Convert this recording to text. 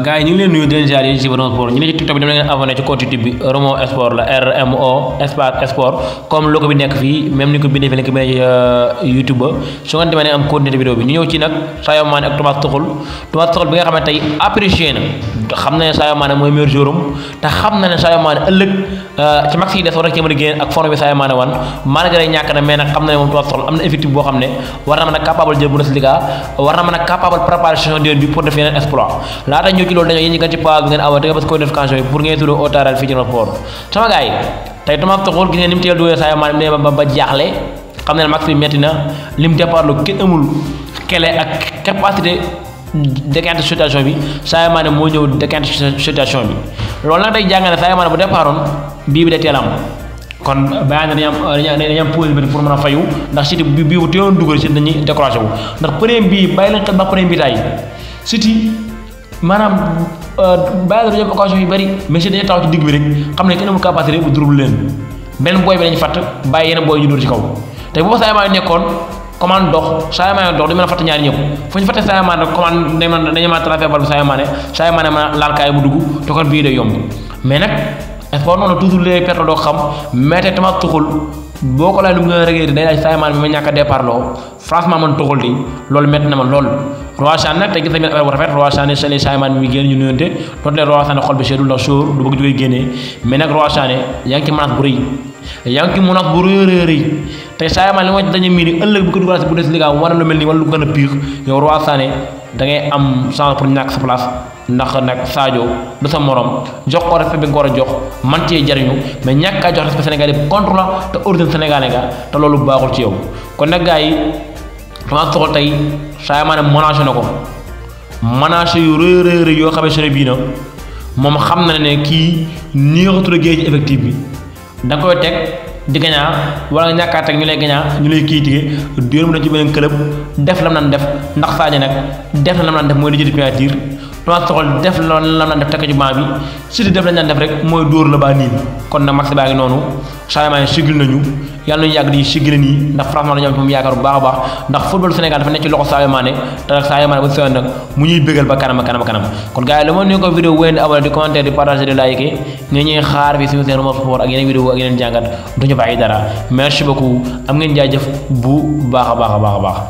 gars yi ñu leen nuyu den jaar yéen ci Sport bi dama leen abonné ci compte YouTube bi Romo Sport la RMO espace sport comme logo bi nekk fii même ni ko bindee fi lañ ko bindee euh, YouTube ba su ngeen demee ne am continuité vidéo nag Sadio Mané ak Thomas Tuchel Thomas Tuchel bi nga xam ne tey apprécié na xam na ne Sadio Mané mooy meilleur joueur te xam na ne Sadio Mané ëllëg euh, ci max yi des war na cee mën a génn ak forme bi Sadio Mané wan malgré ñàkk na ne moom Thomas Tuchel am na effectif boo xam ne war na mën a capable jël war na mën a capable préparation déwén bi pour ñu ki lool dañu ñi kan ci poids ngeen awate parce que qualification yi pour ngeen tudu otaral fi ci no port sama gars tay tey tuma taxul gis ngeen ni teel duwee saa maanaam nee ba ba jaaxle xam max fi metti na lim départ lu kenn amul kele ak capacité décante situation bi saya maane moo ñëw décante situation bi lool nag day jàngale saa maane bu départoon bi bi day teel kon bayaan na dañu am dañu am pause bi pour mëna fayu ndax ci bi bi wu teewoon duggal ci dañuy décrocher wu ndax premier bi bàyyi leen xet ba premier bi tay city maanaam bàyyi la ñoom occasion yu bëri mais si dañuy taxaw ci digg bi rek xam ne kenn amul capacité bu durul leen benn booy bi dañu fàtt bàyyi yeneen booy yu dóor ci kaw te bu fa Sadio nekkoon commande dox Sadio Mané dox du mën a fàtte ñaari ñëpp fu ñu fàtte Sadio Mané commande dañu mën dañu a traversé bal bi Sadio Mané Sadio Mané mën a laal kaay mu dugg te kon bii day yomb mais nag sport noonu toujours les perte doo xam mais te boko la dum lu reggé gën a regretté day laaj saa maanaam bi ma ñàkk départ lo franchement man togol di loolu met na ma lool roi chan nag te gis tamit affaire rafet roi chan seen saa maanaam mi gën ñu nuyonte tot leen roi chan xol bi seedul ndax sóor du bëgg jógee gëné mais nak roi chan yaa ngi ci bu reuy yaa ngi ci bu reuy reuy tay te saa li ma dañu mii ni ëllëg bu ko dugal ci bundesliga war liga wala lu mel wala lu gëna pire yow roi chan da ngay am chance pour ñak sa place ndax nak Sadio du sa morom jox ko respect bi nga jox man cee jarignu mais ñaka jox respect Sénégal yëpp contre la te ordre senegalais nga te lolu baaxul ci yow kon nak gaay fa France tay tey Sadio Mané monage nako ko yu re re re yo xamé sene bi na mom xam na ne kii néexatul a géej effectif bi da koy tek di gagna wala ñaka ñàkkaat ñu lay gagna ñu lay ki tigé diyoon mu dem ci benen club def lam nan def ndax Sadio nak def lam nan def moy di jël penalty Thomas Tuchel def loolu la mu def tekki ci banc bi City def lañ daan def rek mooy dóor la baa niin kon nag match baa ngi noonu changement yi sigil nañu yàlla nañu yàgg ndax franchement dañoo am ci moom baax a baax ndax football Sénégal dafa nekk ci loxo Sadio ba seen kanam kanam kanam kon gars yi la moo ne ko vidéo wéyandi abonné di commenter di partager di liker nga ñuy xaar fi suñu seen Rmo Sport ak yeneen vidéo ak yeneen jàngat duñu bàyyi dara merci beaucoup am ngeen jaajëf bu baax a baax baax a baax